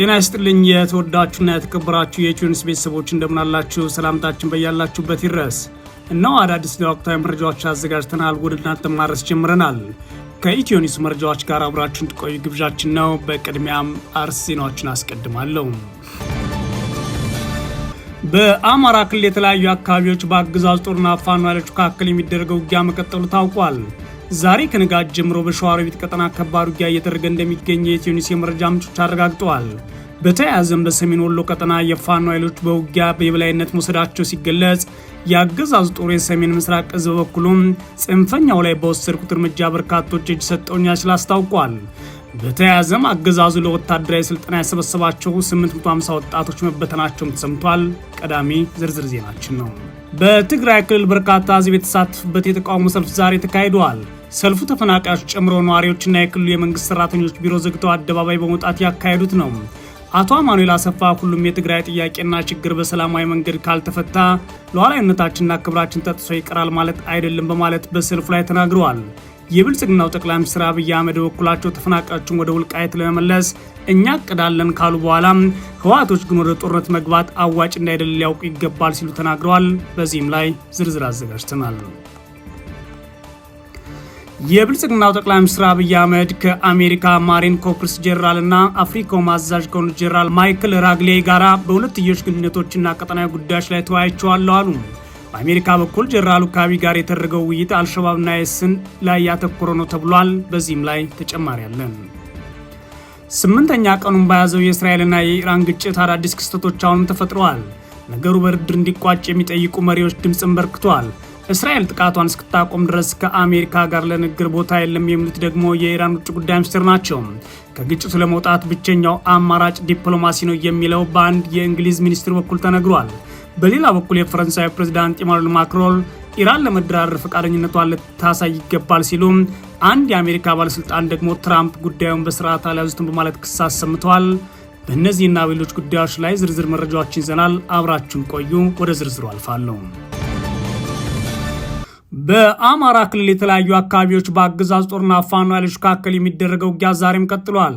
ጤና ይስጥልኝ የተወዳችሁና የተከበራችሁ የኢትዮኒውስ ቤተሰቦች እንደምናላችሁ፣ ሰላምታችን በያላችሁበት ይድረስ። እነሆ አዳዲስ ለወቅታዊ መረጃዎች አዘጋጅተናል፣ ወደ እናንተ ማድረስ ጀምረናል። ከኢትዮኒስ መረጃዎች ጋር አብራችሁን ትቆዩ ግብዣችን ነው። በቅድሚያም አርስ ዜናዎችን አስቀድማለሁ። በአማራ ክልል የተለያዩ አካባቢዎች በአገዛዙ ጦርና ፋኖ ኃይሎች መካከል የሚደረገው ውጊያ መቀጠሉ ታውቋል። ዛሬ ከንጋት ጀምሮ በሸዋሮቢት ቀጠና ከባድ ውጊያ እየተደረገ እንደሚገኝ የኢትዮኒውስ የመረጃ ምንጮች አረጋግጠዋል። በተያያዘም በሰሜን ወሎ ቀጠና የፋኖ ኃይሎች በውጊያ የበላይነት መውሰዳቸው ሲገለጽ፣ የአገዛዙ ጦር የሰሜን ምስራቅ እዝ በበኩሉም ጽንፈኛው ላይ በወሰድኩት እርምጃ በርካቶች እጅ ሰጠውኛል ሲል አስታውቋል። በተያያዘም አገዛዙ ለወታደራዊ ስልጠና ያሰበሰባቸው 850 ወጣቶች መበተናቸውም ተሰምቷል። ቀዳሚ ዝርዝር ዜናችን ነው። በትግራይ ክልል በርካታ ህዝብ የተሳተፉበት የተቃውሞ ሰልፍ ዛሬ ተካሂደዋል። ሰልፉ ተፈናቃዮች ጨምሮ ነዋሪዎችና የክልሉ የመንግስት ሰራተኞች ቢሮ ዘግተው አደባባይ በመውጣት ያካሄዱት ነው። አቶ አማኑኤል አሰፋ ሁሉም የትግራይ ጥያቄና ችግር በሰላማዊ መንገድ ካልተፈታ ሉዓላዊነታችንና ክብራችን ተጥሶ ይቀራል ማለት አይደለም በማለት በሰልፉ ላይ ተናግረዋል። የብልጽግናው ጠቅላይ ሚኒስትር አብይ አህመድ በኩላቸው ተፈናቃዮችን ወደ ውልቃየት ለመመለስ እኛ እቅዳለን ካሉ በኋላ ህወሓቶች ግን ወደ ጦርነት መግባት አዋጭ እንዳይደል ሊያውቁ ይገባል ሲሉ ተናግረዋል። በዚህም ላይ ዝርዝር አዘጋጅተናል። የብልጽግናው ጠቅላይ ሚኒስትር አብይ አህመድ ከአሜሪካ ማሪን ኮርፕስ ጄኔራል እና አፍሪኮም አዛዥ ከሆኑ ጄኔራል ማይክል ራግሌ ጋራ በሁለትዮሽ ግንኙነቶችና ቀጠናዊ ጉዳዮች ላይ ተወያይቸዋለሁ አሉ። በአሜሪካ በኩል ጀነራሉ ካቢ ጋር የተደረገው ውይይት አልሸባብና የስን ላይ ያተኮረ ነው ተብሏል። በዚህም ላይ ተጨማሪ አለን። ስምንተኛ ቀኑን በያዘው የእስራኤልና የኢራን ግጭት አዳዲስ ክስተቶች አሁንም ተፈጥረዋል። ነገሩ በድርድር እንዲቋጭ የሚጠይቁ መሪዎች ድምፅን በርክቷል። እስራኤል ጥቃቷን እስክታቆም ድረስ ከአሜሪካ ጋር ለንግግር ቦታ የለም የሚሉት ደግሞ የኢራን ውጭ ጉዳይ ሚኒስትር ናቸው። ከግጭቱ ለመውጣት ብቸኛው አማራጭ ዲፕሎማሲ ነው የሚለው በአንድ የእንግሊዝ ሚኒስትር በኩል ተነግሯል። በሌላ በኩል የፈረንሳይ ፕሬዚዳንት ኢማኑኤል ማክሮን ኢራን ለመደራደር ፈቃደኝነቷን ልታሳይ ይገባል ሲሉ አንድ የአሜሪካ ባለስልጣን ደግሞ ትራምፕ ጉዳዩን በስርዓት አልያዙትም በማለት ክስ አሰምተዋል። በእነዚህና በሌሎች ጉዳዮች ላይ ዝርዝር መረጃዎችን ይዘናል። አብራችሁን ቆዩ። ወደ ዝርዝሩ አልፋለሁ። በአማራ ክልል የተለያዩ አካባቢዎች በአገዛዝ ጦርና ፋኖ ኃይሎች መካከል የሚደረገው ውጊያ ዛሬም ቀጥሏል።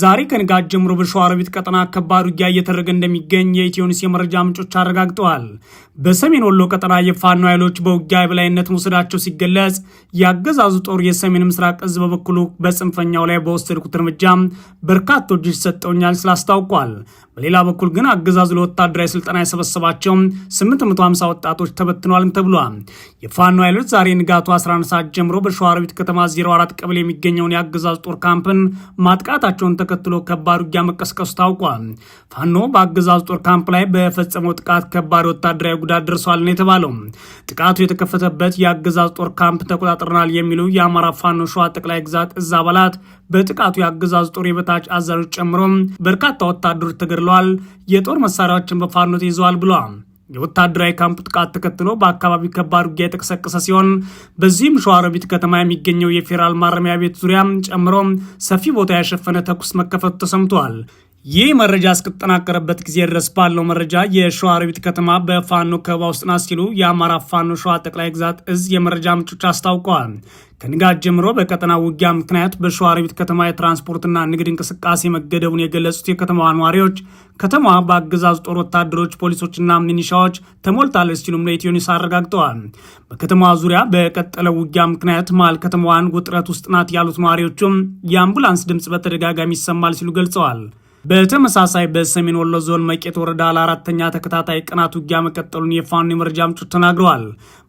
ዛሬ ከንጋት ጀምሮ በሸዋሮቢት ቀጠና ከባድ ውጊያ እየተደረገ እንደሚገኝ የኢትዮኒስ የመረጃ ምንጮች አረጋግጠዋል። በሰሜን ወሎ ቀጠና የፋኖ ኃይሎች በውጊያ የበላይነት መውሰዳቸው ሲገለጽ፣ የአገዛዙ ጦር የሰሜን ምስራቅ እዝ በበኩሉ በጽንፈኛው ላይ በወሰድኩት እርምጃ በርካቶች ሰጠውኛል ስላስታውቋል። በሌላ በኩል ግን አገዛዙ ለወታደራዊ ስልጠና የሰበሰባቸው 850 ወጣቶች ተበትነዋልም ተብሏል። የፋኖ ኃይሎች ዛሬ ንጋቱ 11 ሰዓት ጀምሮ በሸዋሮቢት ከተማ 04 ቀበሌ የሚገኘውን የአገዛዙ ጦር ካምፕን ማጥቃታቸውን ተከትሎ ከባድ ውጊያ መቀስቀሱ ታውቋል። ፋኖ በአገዛዙ ጦር ካምፕ ላይ በፈጸመው ጥቃት ከባድ ወታደራዊ ጉዳት ደርሷል ነው የተባለው። ጥቃቱ የተከፈተበት የአገዛዙ ጦር ካምፕ ተቆጣጥረናል የሚሉ የአማራ ፋኖ ሸዋ ጠቅላይ ግዛት እዝ አባላት በጥቃቱ የአገዛዙ ጦር የበታች አዛዦች ጨምሮ በርካታ ወታደሮች ተገድለዋል ገድሏል፣ የጦር መሳሪያዎችን በፋኖ ተይዘዋል ብለዋል። የወታደራዊ ካምፕ ጥቃት ተከትሎ በአካባቢው ከባድ ውጊያ የተቀሰቀሰ ሲሆን በዚህም ሸዋሮቢት ከተማ የሚገኘው የፌዴራል ማረሚያ ቤት ዙሪያ ጨምሮ ሰፊ ቦታ ያሸፈነ ተኩስ መከፈቱ ተሰምቷል። ይህ መረጃ እስከተጠናከረበት ጊዜ ድረስ ባለው መረጃ የሸዋሮቢት ከተማ በፋኖ ከበባ ውስጥ ናት ሲሉ የአማራ ፋኖ ሸዋ ጠቅላይ ግዛት እዝ የመረጃ ምንጮች አስታውቀዋል። ከንጋት ጀምሮ በቀጠና ውጊያ ምክንያት በሸዋሮቢት ከተማ የትራንስፖርትና ንግድ እንቅስቃሴ መገደቡን የገለጹት የከተማዋ ነዋሪዎች ከተማዋ በአገዛዙ ጦር ወታደሮች፣ ፖሊሶችና ሚኒሻዎች ተሞልታለች ሲሉም ለኢትዮኒስ አረጋግጠዋል። በከተማዋ ዙሪያ በቀጠለ ውጊያ ምክንያት መሀል ከተማዋን ውጥረት ውስጥ ናት ያሉት ነዋሪዎቹም የአምቡላንስ ድምፅ በተደጋጋሚ ይሰማል ሲሉ ገልጸዋል። በተመሳሳይ በሰሜን ወሎ ዞን መቄት ወረዳ ለአራተኛ ተከታታይ ቀናት ውጊያ መቀጠሉን የፋኖ የመረጃ ምንጮች ተናግረዋል።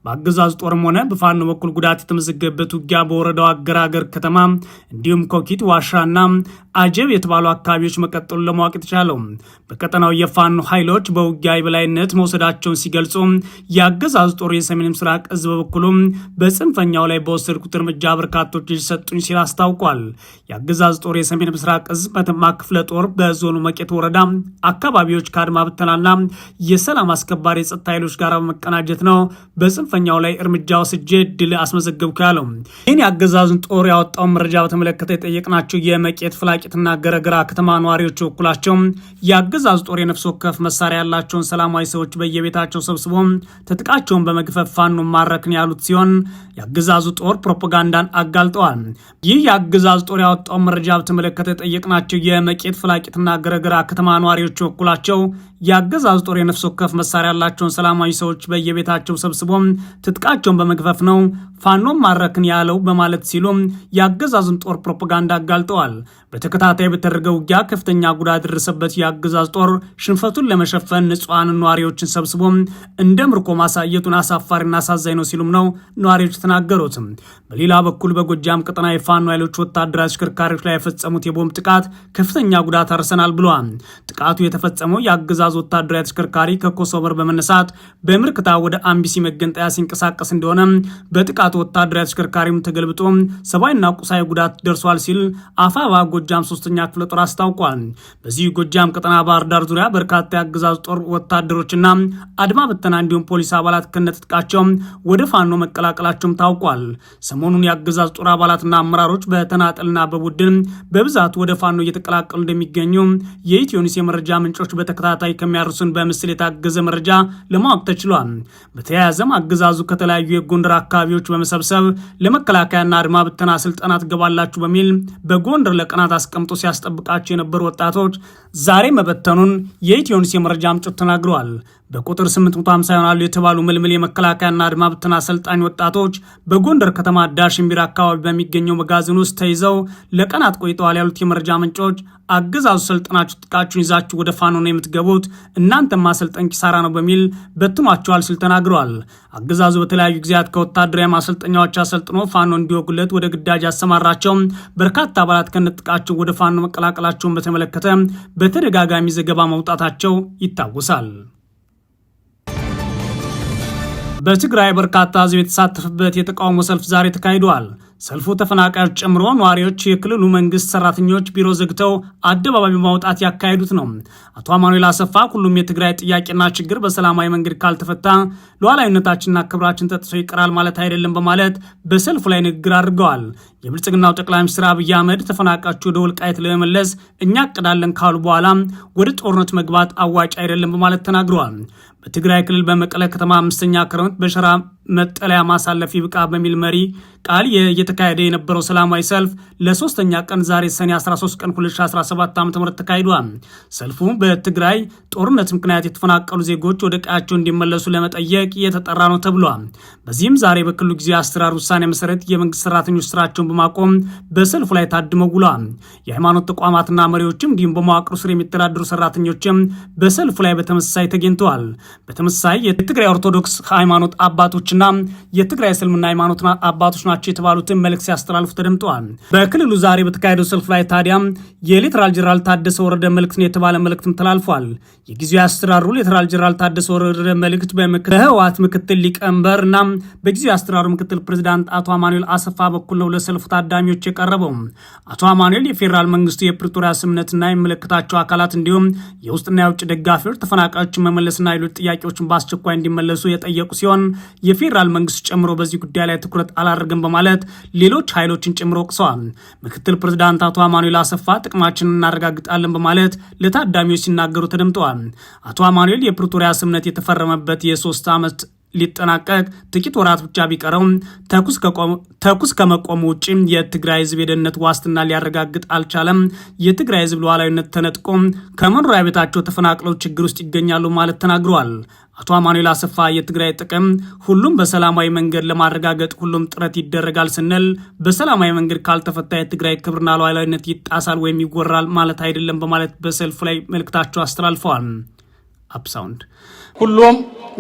በአገዛዝ ጦርም ሆነ በፋኖ በኩል ጉዳት የተመዘገበበት ውጊያ በወረዳው አገራገር ከተማ እንዲሁም ኮኪት ዋሻና አጀብ የተባሉ አካባቢዎች መቀጠሉ ለማወቅ የተቻለው በቀጠናው የፋኖ ኃይሎች በውጊያ የበላይነት መውሰዳቸውን ሲገልጹ፣ የአገዛዝ ጦር የሰሜን ምስራቅ እዝ በበኩሉ በጽንፈኛው ላይ በወሰድኩት እርምጃ በርካቶች ሰጡኝ ሲል አስታውቋል። የአገዛዝ ጦር የሰሜን ምስራቅ እዝ መተማ ክፍለ ጦር በዞኑ መቄት ወረዳ አካባቢዎች ከአድማ ብተናና የሰላም አስከባሪ የጸጥታ ኃይሎች ጋር በመቀናጀት ነው በጽንፈ በጽንፈኛው ላይ እርምጃ ወስጄ ድል አስመዘገብኩ ያለው ይህን የአገዛዙን ጦር ያወጣውን መረጃ በተመለከተ የጠየቅናቸው የመቄት ፍላቂትና ገረግራ ከተማ ነዋሪዎች በኩላቸው የአገዛዙ ጦር የነፍስ ወከፍ መሳሪያ ያላቸውን ሰላማዊ ሰዎች በየቤታቸው ሰብስቦ ትጥቃቸውን በመግፈፍ ፋኖ ማረክን ያሉት ሲሆን የአገዛዙ ጦር ፕሮፓጋንዳን አጋልጠዋል። ይህ የአገዛዙ ጦር ያወጣውን መረጃ በተመለከተ የጠየቅናቸው የመቄት ፍላቂትና ገረግራ ከተማ ነዋሪዎች በኩላቸው የአገዛዙ ጦር የነፍስ ወከፍ መሳሪያ ያላቸውን ሰላማዊ ሰዎች በየቤታቸው ሰብስቦ ትጥቃቸውን በመግፈፍ ነው ፋኖም ማረክን ያለው በማለት ሲሉም የአገዛዙን ጦር ፕሮፓጋንዳ አጋልጠዋል። በተከታታይ በተደረገ ውጊያ ከፍተኛ ጉዳት ደረሰበት የአገዛዝ ጦር ሽንፈቱን ለመሸፈን ንጹሐን ነዋሪዎችን ሰብስቦ እንደ ምርኮ ማሳየቱን አሳፋሪና አሳዛኝ ነው ሲሉም ነው ነዋሪዎች ተናገሩት። በሌላ በኩል በጎጃም ቀጠና የፋኖ ኃይሎች ወታደራዊ አሽከርካሪዎች ላይ የፈጸሙት የቦምብ ጥቃት ከፍተኛ ጉዳት አርሰናል ብለዋል። ጥቃቱ የተፈጸመው የአገዛ አገዛዝ ወታደራዊ ተሽከርካሪ ከኮሶቨር በመነሳት በምርክታ ወደ አምቢሲ መገንጠያ ሲንቀሳቀስ እንደሆነ በጥቃቱ ወታደራዊ ተሽከርካሪም ተገልብጦ ሰብአዊና ቁሳዊ ጉዳት ደርሷል ሲል አፋባ ጎጃም ሶስተኛ ክፍለ ጦር አስታውቋል። በዚህ ጎጃም ቀጠና ባህር ዳር ዙሪያ በርካታ የአገዛዝ ጦር ወታደሮችና አድማ በተና እንዲሁም ፖሊስ አባላት ከነትጥቃቸው ወደ ፋኖ መቀላቀላቸውም ታውቋል። ሰሞኑን የአገዛዝ ጦር አባላትና አመራሮች በተናጠልና በቡድን በብዛት ወደ ፋኖ እየተቀላቀሉ እንደሚገኙ የኢትዮኒስ የመረጃ ምንጮች በተከታታይ ከሚያርሱን በምስል የታገዘ መረጃ ለማወቅ ተችሏል። በተያያዘም አገዛዙ ከተለያዩ የጎንደር አካባቢዎች በመሰብሰብ ለመከላከያና አድማ ብተና ስልጠና ትገባላችሁ በሚል በጎንደር ለቀናት አስቀምጦ ሲያስጠብቃቸው የነበሩ ወጣቶች ዛሬ መበተኑን የኢትዮንስ የመረጃ ምንጮች ተናግረዋል። በቁጥር 850 ይሆናሉ የተባሉ ምልምል የመከላከያና አድማ ብተና አሰልጣኝ ወጣቶች በጎንደር ከተማ ዳሽን ቢራ አካባቢ በሚገኘው መጋዘን ውስጥ ተይዘው ለቀናት ቆይተዋል ያሉት የመረጃ ምንጮች አገዛዙ ሰልጥናችሁ ጥቃችሁን ይዛችሁ ወደ ፋኖ ነው የምትገቡት፣ እናንተም ማሰልጠን ኪሳራ ነው በሚል በትኗቸዋል ሲል ተናግረዋል። አገዛዙ በተለያዩ ጊዜያት ከወታደራዊ ማሰልጠኛዎች አሰልጥኖ ፋኖ እንዲወጉለት ወደ ግዳጅ ያሰማራቸው በርካታ አባላት ከነጥቃቸው ወደ ፋኖ መቀላቀላቸውን በተመለከተ በተደጋጋሚ ዘገባ መውጣታቸው ይታወሳል። በትግራይ በርካታ ህዝብ የተሳተፈበት የተቃውሞ ሰልፍ ዛሬ ተካሂዷል። ሰልፉ ተፈናቃዮች ጨምሮ ነዋሪዎች፣ የክልሉ መንግስት ሰራተኞች ቢሮ ዘግተው አደባባይ በማውጣት ያካሄዱት ነው። አቶ አማኑኤል አሰፋ ሁሉም የትግራይ ጥያቄና ችግር በሰላማዊ መንገድ ካልተፈታ ሉዓላዊነታችንና ክብራችን ተጥሶ ይቀራል ማለት አይደለም በማለት በሰልፉ ላይ ንግግር አድርገዋል። የብልጽግናው ጠቅላይ ሚኒስትር አብይ አህመድ ተፈናቃዮች ወደ ወልቃይት ለመመለስ እኛ እቅዳለን ካሉ በኋላ ወደ ጦርነት መግባት አዋጭ አይደለም በማለት ተናግረዋል። በትግራይ ክልል በመቀለ ከተማ አምስተኛ ክረምት በሸራ መጠለያ ማሳለፍ ይብቃ በሚል መሪ ቃል እየተካሄደ የነበረው ሰላማዊ ሰልፍ ለሶስተኛ ቀን ዛሬ ሰኔ 13 ቀን 2017 ዓ ም ተካሂዷል። ሰልፉ በትግራይ ጦርነት ምክንያት የተፈናቀሉ ዜጎች ወደ ቀያቸው እንዲመለሱ ለመጠየቅ የተጠራ ነው ተብሏል። በዚህም ዛሬ በክልሉ ጊዜ አስተራር ውሳኔ መሰረት የመንግስት ሰራተኞች ስራቸውን በማቆም በሰልፉ ላይ ታድመው ውሏል። የሃይማኖት ተቋማትና መሪዎችም እንዲሁም በመዋቅሩ ስር የሚተዳደሩ ሰራተኞችም በሰልፉ ላይ በተመሳሳይ ተገኝተዋል። በተመሳሳይ የትግራይ ኦርቶዶክስ ሃይማኖት አባቶችና የትግራይ እስልምና ሃይማኖት አባቶች ናቸው የተባሉትን መልእክት ሲያስተላልፉ ተደምጠዋል። በክልሉ ዛሬ በተካሄደው ሰልፍ ላይ ታዲያ የሌተናል ጄኔራል ታደሰ ወረደ መልእክት የተባለ መልእክትም ተላልፏል። የጊዜው አስተዳደሩ ሌተናል ጄኔራል ታደሰ ወረደ መልእክት በህወሓት ምክትል ሊቀመንበር እና በጊዜው አስተዳደሩ ምክትል ፕሬዚዳንት አቶ አማኑኤል አሰፋ በኩል ነው ለሰልፉ ታዳሚዎች የቀረበው። አቶ አማኑኤል የፌዴራል መንግስቱ የፕሪቶሪያ ስምምነትና የሚመለከታቸው አካላት እንዲሁም የውስጥና የውጭ ደጋፊዎች ተፈናቃዮችን መመለስና ሌሎች ጥያቄዎችን በአስቸኳይ እንዲመለሱ የጠየቁ ሲሆን የፌዴራል መንግስት ጨምሮ በዚህ ጉዳይ ላይ ትኩረት አላደርግም በማለት ሌሎች ኃይሎችን ጨምሮ ወቅሰዋል። ምክትል ፕሬዚዳንት አቶ አማኑኤል አሰፋ ጥቅማችንን እናረጋግጣለን በማለት ለታዳሚዎች ሲናገሩ ተደምጠዋል። አቶ አማኑኤል የፕሪቶሪያ ስምነት የተፈረመበት የሶስት ዓመት ሊጠናቀቅ ጥቂት ወራት ብቻ ቢቀረውም ተኩስ ከመቆሙ ውጭ የትግራይ ህዝብ የደህንነት ዋስትና ሊያረጋግጥ አልቻለም። የትግራይ ህዝብ ሉዓላዊነት ተነጥቆ ከመኖሪያ ቤታቸው ተፈናቅለው ችግር ውስጥ ይገኛሉ ማለት ተናግረዋል። አቶ አማኑኤል አሰፋ የትግራይ ጥቅም ሁሉም በሰላማዊ መንገድ ለማረጋገጥ ሁሉም ጥረት ይደረጋል ስንል በሰላማዊ መንገድ ካልተፈታ የትግራይ ክብርና ሉዓላዊነት ይጣሳል ወይም ይወራል ማለት አይደለም በማለት በሰልፉ ላይ መልእክታቸው አስተላልፈዋል። አፕሳውንድ كلهم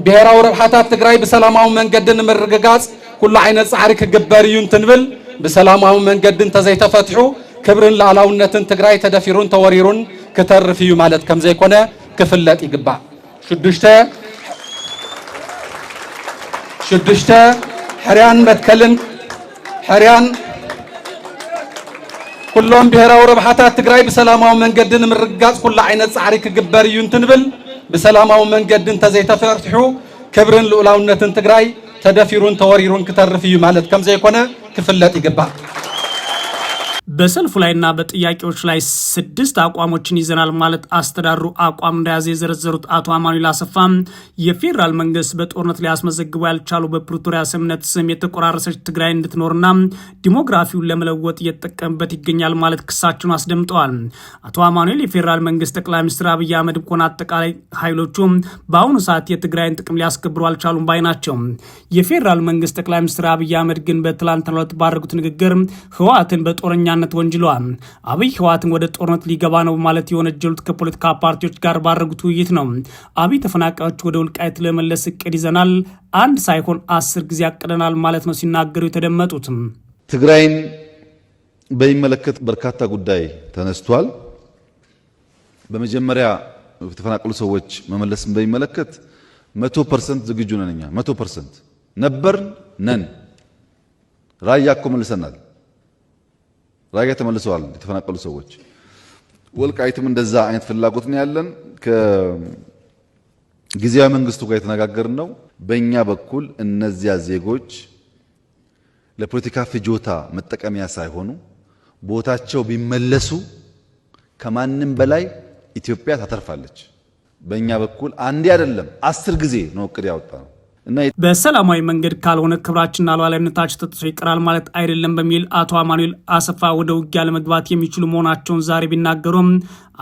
بهرا وربحات تقرأي بسلام أو من قدن من الرجاجات كل عين عارك جباريون تنبل بسلام أو من قدن تزاي تفتحوا كبر لعلاونة تقرأي تدفيرون توريرون كتر فيو مالت كم زي كنا كفلات يقبع شدشتا شدشتا حريان متكلن حريان كلهم بهرا وربحات تقرأي بسلام أو من قدن من الرجاجات كل عين عارك جباريون تنبل ብሰላማዊ መንገድ ተዘይተፈርሑ ክብርን ልኡላውነትን ትግራይ ተደፊሩን ተወሪሩን ክተርፍ እዩ ማለት ከም ዘይኮነ ክፍለጥ ይግባእ በሰልፉ ላይና በጥያቄዎች ላይ ስድስት አቋሞችን ይዘናል ማለት አስተዳድሩ አቋም እንደያዘ የዘረዘሩት አቶ አማኑኤል አሰፋ የፌዴራል መንግስት በጦርነት ሊያስመዘግበ ያልቻሉ በፕሪቶሪያ ስምምነት ስም የተቆራረሰች ትግራይ እንድትኖርና ዲሞግራፊውን ለመለወጥ እየተጠቀምበት ይገኛል ማለት ክሳችን አስደምጠዋል። አቶ አማኑኤል የፌዴራል መንግስት ጠቅላይ ሚኒስትር አብይ አህመድ ኮን አጠቃላይ ኃይሎቹ በአሁኑ ሰዓት የትግራይን ጥቅም ሊያስከብሩ አልቻሉም ባይ ናቸው። የፌዴራል መንግስት ጠቅላይ ሚኒስትር አብይ አህመድ ግን በትላንትና ዕለት ባደረጉት ንግግር ህወሓትን በጦረኛነት በጦርነት ወንጅለዋል። አብይ ህወሓትን ወደ ጦርነት ሊገባ ነው በማለት የወነጀሉት ከፖለቲካ ፓርቲዎች ጋር ባደረጉት ውይይት ነው። አብይ ተፈናቃዮች ወደ ውልቃየት ለመለስ እቅድ ይዘናል፣ አንድ ሳይሆን አስር ጊዜ አቅደናል ማለት ነው ሲናገሩ የተደመጡት። ትግራይን በሚመለከት በርካታ ጉዳይ ተነስቷል። በመጀመሪያ የተፈናቀሉ ሰዎች መመለስን በሚመለከት መቶ ፐርሰንት ዝግጁ ነን። እኛ መቶ ፐርሰንት ነበር ነን። ራያ እኮ መልሰናል። ራያ ተመልሰዋል የተፈናቀሉ ሰዎች። ወልቃይትም እንደዛ አይነት ፍላጎት ነው ያለን። ከጊዜያዊ መንግስቱ ጋር የተነጋገርን ነው። በእኛ በኩል እነዚያ ዜጎች ለፖለቲካ ፍጆታ መጠቀሚያ ሳይሆኑ ቦታቸው ቢመለሱ ከማንም በላይ ኢትዮጵያ ታተርፋለች። በእኛ በኩል አንዴ አይደለም አስር ጊዜ ነው እቅድ ያወጣ ነው። በሰላማዊ መንገድ ካልሆነ ክብራችንና ሉዓላዊነታችን ተጥሶ ይቀራል ማለት አይደለም በሚል አቶ አማኑኤል አሰፋ ወደ ውጊያ ለመግባት የሚችሉ መሆናቸውን ዛሬ ቢናገሩም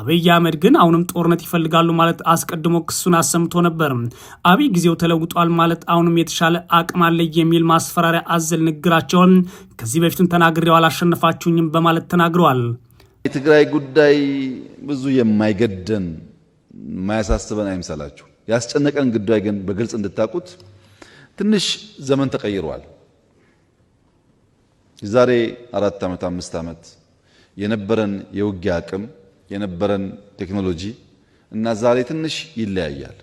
አብይ አህመድ ግን አሁንም ጦርነት ይፈልጋሉ ማለት አስቀድሞ ክሱን አሰምቶ ነበር። አብይ ጊዜው ተለውጧል ማለት አሁንም የተሻለ አቅም አለ የሚል ማስፈራሪያ አዘል ንግግራቸውን ከዚህ በፊትም ተናግሬው አላሸነፋችሁኝም በማለት ተናግረዋል። የትግራይ ጉዳይ ብዙ የማይገደን የማያሳስበን አይምሰላችሁ። ያስጨነቀን ጉዳይ ግን በግልጽ እንድታውቁት ትንሽ ዘመን ተቀይሯል። የዛሬ አራት ዓመት አምስት ዓመት የነበረን የውጊያ አቅም የነበረን ቴክኖሎጂ እና ዛሬ ትንሽ ይለያያል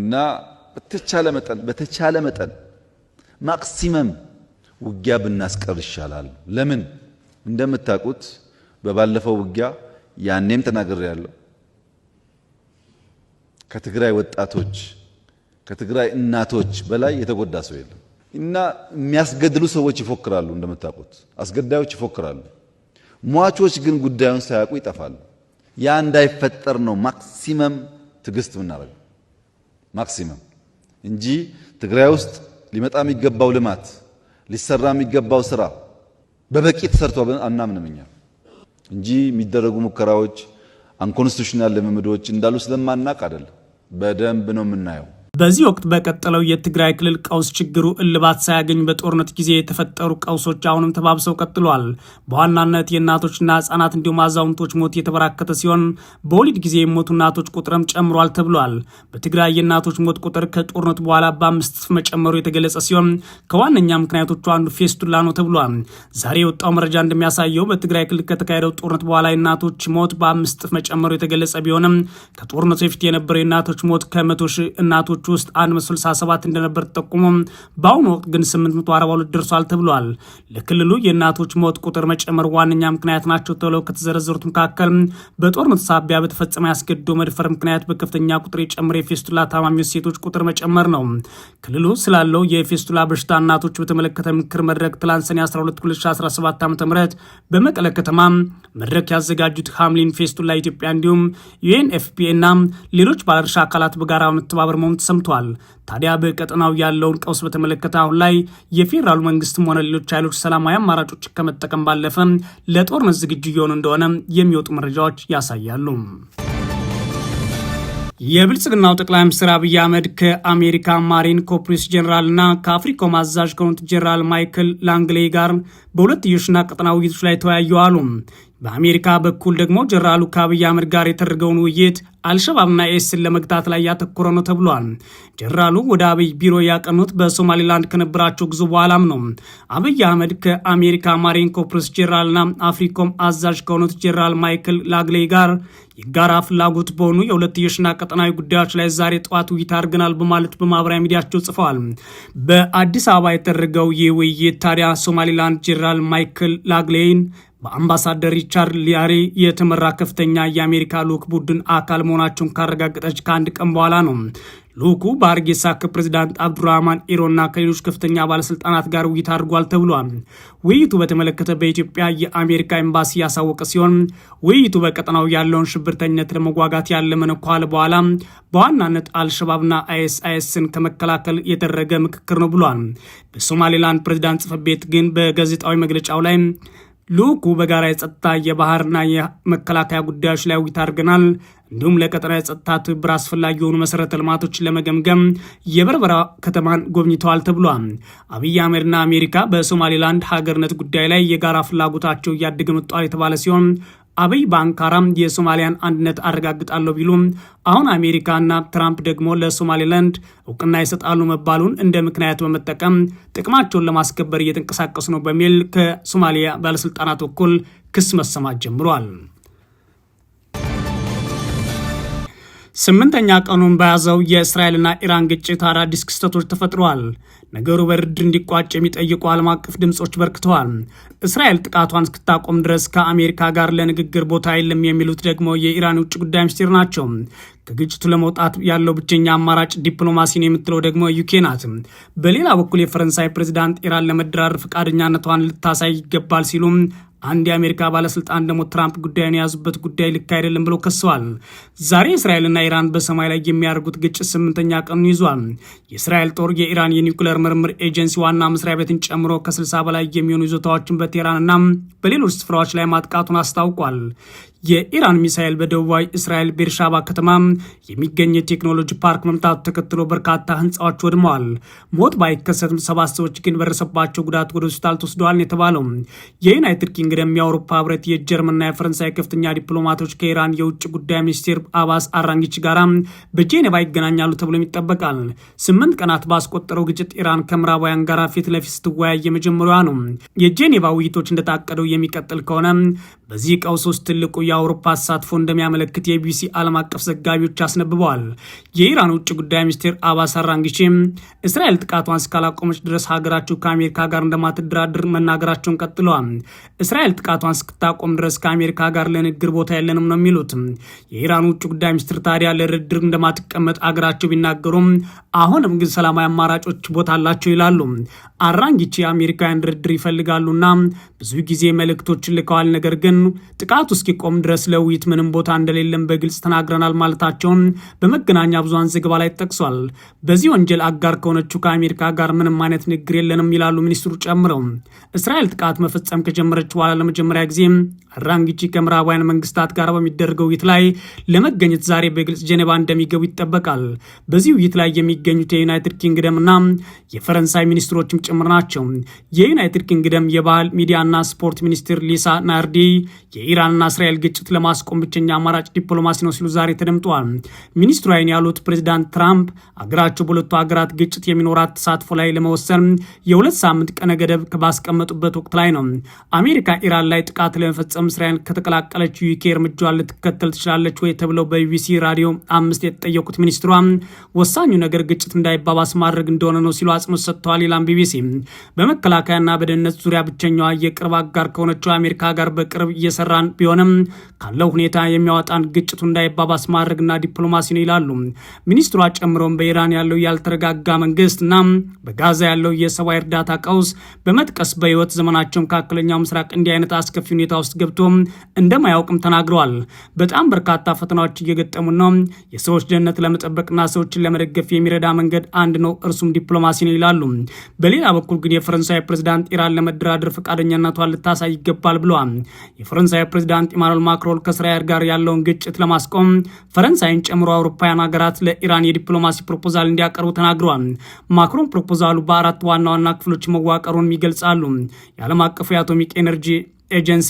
እና በተቻለ መጠን በተቻለ መጠን ማክሲመም ውጊያ ብናስቀር ይሻላል። ለምን እንደምታውቁት በባለፈው ውጊያ ያኔም ተናግሬ ያለው ከትግራይ ወጣቶች ከትግራይ እናቶች በላይ የተጎዳ ሰው የለም። እና የሚያስገድሉ ሰዎች ይፎክራሉ፣ እንደምታውቁት አስገዳዮች ይፎክራሉ። ሟቾች ግን ጉዳዩን ሳያውቁ ይጠፋሉ። ያ እንዳይፈጠር ነው ማክሲመም ትግስት የምናደርገው ማክሲመም እንጂ ትግራይ ውስጥ ሊመጣ የሚገባው ልማት ሊሰራ የሚገባው ስራ በበቂ ተሰርቶ አናምንም እኛ እንጂ የሚደረጉ ሙከራዎች አንኮንስቲቱሽናል ልምምዶች እንዳሉ ስለማናቅ አይደለም። በደንብ ነው የምናየው። በዚህ ወቅት በቀጠለው የትግራይ ክልል ቀውስ ችግሩ እልባት ሳያገኝ በጦርነት ጊዜ የተፈጠሩ ቀውሶች አሁንም ተባብሰው ቀጥሏል። በዋናነት የእናቶችና ህጻናት እንዲሁም አዛውንቶች ሞት የተበራከተ ሲሆን በወሊድ ጊዜ የሞቱ እናቶች ቁጥርም ጨምሯል ተብሏል። በትግራይ የእናቶች ሞት ቁጥር ከጦርነቱ በኋላ በአምስት መጨመሩ የተገለጸ ሲሆን ከዋነኛ ምክንያቶቹ አንዱ ፌስቱላ ነው ተብሏል። ዛሬ የወጣው መረጃ እንደሚያሳየው በትግራይ ክልል ከተካሄደው ጦርነት በኋላ የእናቶች ሞት በአምስት መጨመሩ የተገለጸ ቢሆንም ከጦርነቱ በፊት የነበረው የእናቶች ሞት ከመቶ ሺህ እናቶች ሟቾች ውስጥ 167 እንደነበር ተጠቁሞ በአሁኑ ወቅት ግን 842 ደርሷል ተብሏል። ለክልሉ የእናቶች ሞት ቁጥር መጨመር ዋነኛ ምክንያት ናቸው ተብለው ከተዘረዘሩት መካከል በጦርነት ሳቢያ በተፈጸመ ያስገድዶ መድፈር ምክንያት በከፍተኛ ቁጥር የጨመረ የፌስቱላ ታማሚዎች ሴቶች ቁጥር መጨመር ነው። ክልሉ ስላለው የፌስቱላ በሽታ እናቶች በተመለከተ ምክር መድረክ ትላንት ሰኔ 12 2017 ዓ ም በመቀለ ከተማ መድረክ ያዘጋጁት ሃምሊን ፌስቱላ ኢትዮጵያ እንዲሁም ዩኤንኤፍፒኤ እና ሌሎች ባለድርሻ አካላት በጋራ መተባበር መሆኑ ሰምቷል። ታዲያ በቀጠናው ያለውን ቀውስ በተመለከተ አሁን ላይ የፌዴራሉ መንግስትም ሆነ ሌሎች ኃይሎች ሰላማዊ አማራጮች ከመጠቀም ባለፈ ለጦርነት ዝግጁ እየሆኑ እንደሆነ የሚወጡ መረጃዎች ያሳያሉ። የብልጽግናው ጠቅላይ ሚኒስትር አብይ አህመድ ከአሜሪካ ማሪን ኮፕሬስ ጀኔራልና ከአፍሪካ አዛዥ ከሆኑት ጀኔራል ማይክል ላንግሌይ ጋር በሁለትዮሽና ቀጠና ውይይቶች ላይ ተወያዩ አሉ። በአሜሪካ በኩል ደግሞ ጀነራሉ ከአብይ አህመድ ጋር የተደረገውን ውይይት አልሸባብና ኤስን ለመግታት ላይ ያተኮረ ነው ተብሏል። ጀነራሉ ወደ አብይ ቢሮ ያቀኑት በሶማሌላንድ ከነበራቸው ጉዞ በኋላም ነው። አብይ አህመድ ከአሜሪካ ማሪን ኮርፕስ ጀነራልና አፍሪኮም አዛዥ ከሆኑት ጀነራል ማይክል ላግሌይ ጋር የጋራ ፍላጎት በሆኑ የሁለትዮሽና ቀጠናዊ ጉዳዮች ላይ ዛሬ ጠዋት ውይይት አድርገናል በማለት በማህበራዊ ሚዲያቸው ጽፈዋል። በአዲስ አበባ የተደረገው ይህ ውይይት ታዲያ ሶማሌላንድ ጀነራል ማይክል ላግሌይን በአምባሳደር ሪቻርድ ሊያሬ የተመራ ከፍተኛ የአሜሪካ ልዑክ ቡድን አካል መሆናቸውን ካረጋገጠች ከአንድ ቀን በኋላ ነው። ልዑኩ በአርጌሳ ከፕሬዚዳንት አብዱራህማን ኢሮና ከሌሎች ከፍተኛ ባለስልጣናት ጋር ውይይት አድርጓል ተብሏል። ውይይቱ በተመለከተ በኢትዮጵያ የአሜሪካ ኤምባሲ ያሳወቀ ሲሆን ውይይቱ በቀጠናው ያለውን ሽብርተኝነት ለመጓጋት ያለመ በኋላ በዋናነት አልሸባብና አይኤስአይኤስን ከመከላከል የተደረገ ምክክር ነው ብሏል። በሶማሌላንድ ፕሬዚዳንት ጽፈት ቤት ግን በጋዜጣዊ መግለጫው ላይ ልዑኩ በጋራ የጸጥታ የባህርና የመከላከያ ጉዳዮች ላይ ውይይት አድርገናል። እንዲሁም ለቀጠና የጸጥታ ትብብር አስፈላጊ የሆኑ መሰረተ ልማቶችን ለመገምገም የበርበራ ከተማን ጎብኝተዋል ተብሏል። አብይ አህመድና አሜሪካ በሶማሌላንድ ሀገርነት ጉዳይ ላይ የጋራ ፍላጎታቸው እያደገ መጥቷል የተባለ ሲሆን አብይ አራም የሶማሊያን አንድነት አረጋግጣለሁ ቢሉም አሁን አሜሪካና ትራምፕ ደግሞ ለሶማሌላንድ እውቅና ይሰጣሉ መባሉን እንደ ምክንያት በመጠቀም ጥቅማቸውን ለማስከበር እየተንቀሳቀሱ ነው በሚል ከሶማሊያ ባለስልጣናት በኩል ክስ መሰማት ጀምሯል። ስምንተኛ ቀኑን በያዘው የእስራኤልና ኢራን ግጭት አዳዲስ ክስተቶች ተፈጥረዋል። ነገሩ በድርድር እንዲቋጭ የሚጠይቁ ዓለም አቀፍ ድምፆች በርክተዋል። እስራኤል ጥቃቷን እስክታቆም ድረስ ከአሜሪካ ጋር ለንግግር ቦታ የለም የሚሉት ደግሞ የኢራን ውጭ ጉዳይ ሚኒስቴር ናቸው። ከግጭቱ ለመውጣት ያለው ብቸኛ አማራጭ ነው የምትለው ደግሞ ዩኬ ናት። በሌላ በኩል የፈረንሳይ ፕሬዚዳንት ኢራን ለመደራደር ፈቃደኛነቷን ልታሳይ ይገባል ሲሉም አንድ የአሜሪካ ባለስልጣን ደግሞ ትራምፕ ጉዳዩን የያዙበት ጉዳይ ልክ አይደለም ብለው ከሰዋል። ዛሬ እስራኤልና ኢራን በሰማይ ላይ የሚያደርጉት ግጭት ስምንተኛ ቀኑ ይዟል። የእስራኤል ጦር የኢራን የኒውክሌር ምርምር ኤጀንሲ ዋና መስሪያ ቤትን ጨምሮ ከ60 በላይ የሚሆኑ ይዞታዎችን በቴህራንና በሌሎች ስፍራዎች ላይ ማጥቃቱን አስታውቋል። የኢራን ሚሳኤል በደቡባዊ እስራኤል ቤርሻባ ከተማ የሚገኝ የቴክኖሎጂ ፓርክ መምታቱ ተከትሎ በርካታ ህንፃዎች ወድመዋል። ሞት ባይከሰትም ሰባት ሰዎች ግን በደረሰባቸው ጉዳት ወደ ሆስፒታል ተወስደዋል የተባለው የዩናይትድ ኪንግደም፣ የአውሮፓ ህብረት፣ የጀርመንና የፈረንሳይ ከፍተኛ ዲፕሎማቶች ከኢራን የውጭ ጉዳይ ሚኒስቴር አባስ አራንጊች ጋራ በጄኔቫ ይገናኛሉ ተብሎም ይጠበቃል። ስምንት ቀናት ባስቆጠረው ግጭት ኢራን ከምዕራባውያን ጋር ፊት ለፊት ስትወያይ የመጀመሪያዋ ነው። የጄኔቫ ውይይቶች እንደታቀደው የሚቀጥል ከሆነ በዚህ ቀውስ ውስጥ ትልቁ የአውሮፓ ተሳትፎ እንደሚያመለክት የቢቢሲ ዓለም አቀፍ ዘጋቢዎች አስነብበዋል። የኢራን ውጭ ጉዳይ ሚኒስቴር አባስ አራንጊቼም እስራኤል ጥቃቷን እስካላቆመች ድረስ ሀገራቸው ከአሜሪካ ጋር እንደማትደራድር መናገራቸውን ቀጥለዋል። እስራኤል ጥቃቷን እስክታቆም ድረስ ከአሜሪካ ጋር ለንግግር ቦታ የለንም ነው የሚሉት። የኢራን ውጭ ጉዳይ ሚኒስትር ታዲያ ለድርድር እንደማትቀመጥ አገራቸው ቢናገሩም አሁንም ግን ሰላማዊ አማራጮች ቦታ አላቸው ይላሉ። አራንግቺ አሜሪካውያን ድርድር ይፈልጋሉና ብዙ ጊዜ መልእክቶችን ልከዋል። ነገር ግን ጥቃቱ እስኪቆም ድረስ ለውይይት ምንም ቦታ እንደሌለም በግልጽ ተናግረናል ማለታቸውን በመገናኛ ብዙሃን ዘገባ ላይ ጠቅሷል። በዚህ ወንጀል አጋር ከሆነችው ከአሜሪካ ጋር ምንም አይነት ንግግር የለንም ይላሉ ሚኒስትሩ ጨምረው። እስራኤል ጥቃት መፈጸም ከጀመረች በኋላ ለመጀመሪያ ጊዜ አራንጊቺ ከምዕራባውያን መንግስታት ጋር በሚደረገው ውይይት ላይ ለመገኘት ዛሬ በግልጽ ጀኔባ እንደሚገቡ ይጠበቃል። በዚህ ውይይት ላይ የሚገኙት የዩናይትድ ኪንግደም እና የፈረንሳይ ሚኒስትሮችም ጭምር ናቸው። የዩናይትድ ኪንግደም የባህል ሚዲያና ስፖርት ሚኒስትር ሊሳ ናርዴ የኢራንና እስራኤል ግጭት ለማስቆም ብቸኛ አማራጭ ዲፕሎማሲ ነው ሲሉ ዛሬ ተደምጠዋል። ሚኒስትሩ አይን ያሉት ፕሬዚዳንት ትራምፕ አገራቸው በሁለቱ ሀገራት ግጭት የሚኖራት ተሳትፎ ላይ ለመወሰን የሁለት ሳምንት ቀነ ገደብ ባስቀመጡበት ወቅት ላይ ነው። አሜሪካ ኢራን ላይ ጥቃት ለመፈጸም እስራኤል ከተቀላቀለች ዩኬ እርምጃዋን ልትከተል ትችላለች ወይ ተብለው በቢቢሲ ራዲዮ አምስት የተጠየቁት ሚኒስትሯ ወሳኙ ነገር ግጭት እንዳይባባስ ማድረግ እንደሆነ ነው ሲሉ አጽንኦት ሰጥተዋል። ይላም ቢቢሲ በመከላከያና በደህንነት ዙሪያ ብቸኛዋ የቅርብ አጋር ከሆነችው አሜሪካ ጋር በቅርብ እየሰራን ቢሆንም ካለው ሁኔታ የሚያወጣን ግጭቱ እንዳይባባስ ማድረግና ዲፕሎማሲ ነው ይላሉ ሚኒስትሯ። ጨምሮም በኢራን ያለው ያልተረጋጋ መንግስት እና በጋዛ ያለው የሰብአዊ እርዳታ ቀውስ በመጥቀስ በህይወት ዘመናቸው መካከለኛው ምስራቅ እንዲህ አይነት አስከፊ ሁኔታ ውስጥ ገብቶ እንደማያውቅም ተናግረዋል። በጣም በርካታ ፈተናዎች እየገጠሙ ነው። የሰዎች ደህንነት ለመጠበቅና ሰዎችን ለመደገፍ የሚረዳ መንገድ አንድ ነው፣ እርሱም ዲፕሎማሲ ነው ይላሉ። በሌላ በኩል ግን የፈረንሳይ ፕሬዚዳንት ኢራን ለመደራደር ፈቃደኛነቷን ልታሳይ ይገባል ብለዋል። የፈረንሳይ ፕሬዚዳንት ኢማኑኤል ማክሮን ከእስራኤል ጋር ያለውን ግጭት ለማስቆም ፈረንሳይን ጨምሮ አውሮፓውያን ሀገራት ለኢራን የዲፕሎማሲ ፕሮፖዛል እንዲያቀርቡ ተናግረዋል። ማክሮን ፕሮፖዛሉ በአራት ዋና ዋና ክፍሎች መዋቀሩን ይገልጻሉ። የዓለም አቀፉ የአቶሚክ ኤነርጂ ኤጀንሲ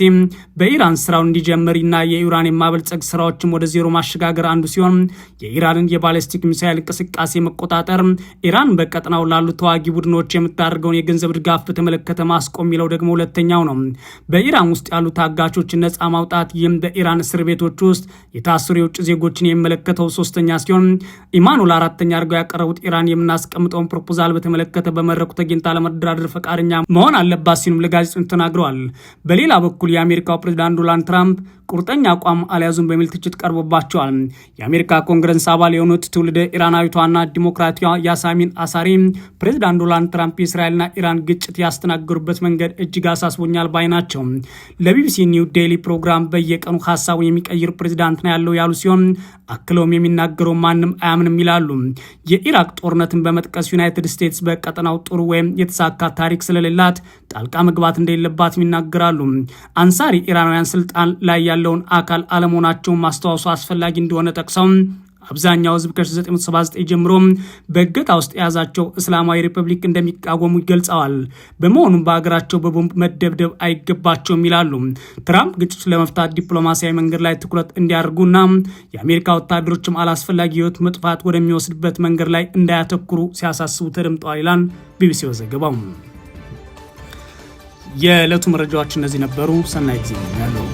በኢራን ስራው እንዲጀምርና የኢራን የማበልጸግ ስራዎችም ወደ ዜሮ ማሸጋገር አንዱ ሲሆን የኢራንን የባሌስቲክ ሚሳይል እንቅስቃሴ መቆጣጠር፣ ኢራን በቀጠናው ላሉ ተዋጊ ቡድኖች የምታደርገውን የገንዘብ ድጋፍ በተመለከተ ማስቆም የሚለው ደግሞ ሁለተኛው ነው። በኢራን ውስጥ ያሉ ታጋቾች ነፃ ማውጣት፣ ይህም በኢራን እስር ቤቶች ውስጥ የታሰሩ የውጭ ዜጎችን የሚመለከተው ሶስተኛ ሲሆን ኢማኑል አራተኛ አድርገው ያቀረቡት ኢራን የምናስቀምጠውን ፕሮፖዛል በተመለከተ በመድረኩ ተገኝታ ለመደራደር ፈቃደኛ መሆን አለባት ሲሉም ለጋዜጠኞች ተናግረዋል። በሌላ በኩል የአሜሪካው ፕሬዚዳንት ዶናልድ ትራምፕ ቁርጠኛ አቋም አልያዙም በሚል ትችት ቀርቦባቸዋል። የአሜሪካ ኮንግረስ አባል የሆኑት ትውልደ ኢራናዊቷና ዲሞክራቲዋ ያሳሚን አሳሪ ፕሬዚዳንት ዶናልድ ትራምፕ የእስራኤልና ኢራን ግጭት ያስተናገሩበት መንገድ እጅግ አሳስቦኛል ባይ ናቸው። ለቢቢሲ ኒው ዴይሊ ፕሮግራም በየቀኑ ሀሳቡን የሚቀይር ፕሬዚዳንት ነው ያለው ያሉ ሲሆን አክለውም የሚናገረው ማንም አያምንም ይላሉ። የኢራቅ ጦርነትን በመጥቀስ ዩናይትድ ስቴትስ በቀጠናው ጥሩ ወይም የተሳካ ታሪክ ስለሌላት ጣልቃ መግባት እንደሌለባትም ይናገራሉ። አንሳሪ ኢራናውያን ስልጣን ላይ ያለውን አካል አለመሆናቸውን ማስታወሱ አስፈላጊ እንደሆነ ጠቅሰው አብዛኛው ህዝብ ከ1979 ጀምሮ በእገታ ውስጥ የያዛቸው እስላማዊ ሪፐብሊክ እንደሚቃወሙ ይገልጸዋል። በመሆኑም በሀገራቸው በቦምብ መደብደብ አይገባቸውም ይላሉ። ትራምፕ ግጭቱ ለመፍታት ዲፕሎማሲያዊ መንገድ ላይ ትኩረት እንዲያደርጉና የአሜሪካ ወታደሮችም አላስፈላጊ ህይወት መጥፋት ወደሚወስድበት መንገድ ላይ እንዳያተኩሩ ሲያሳስቡ ተደምጠዋል ይላል ቢቢሲ በዘገባው። የዕለቱ መረጃዎች እነዚህ ነበሩ። ሰናይ ጊዜ ያለው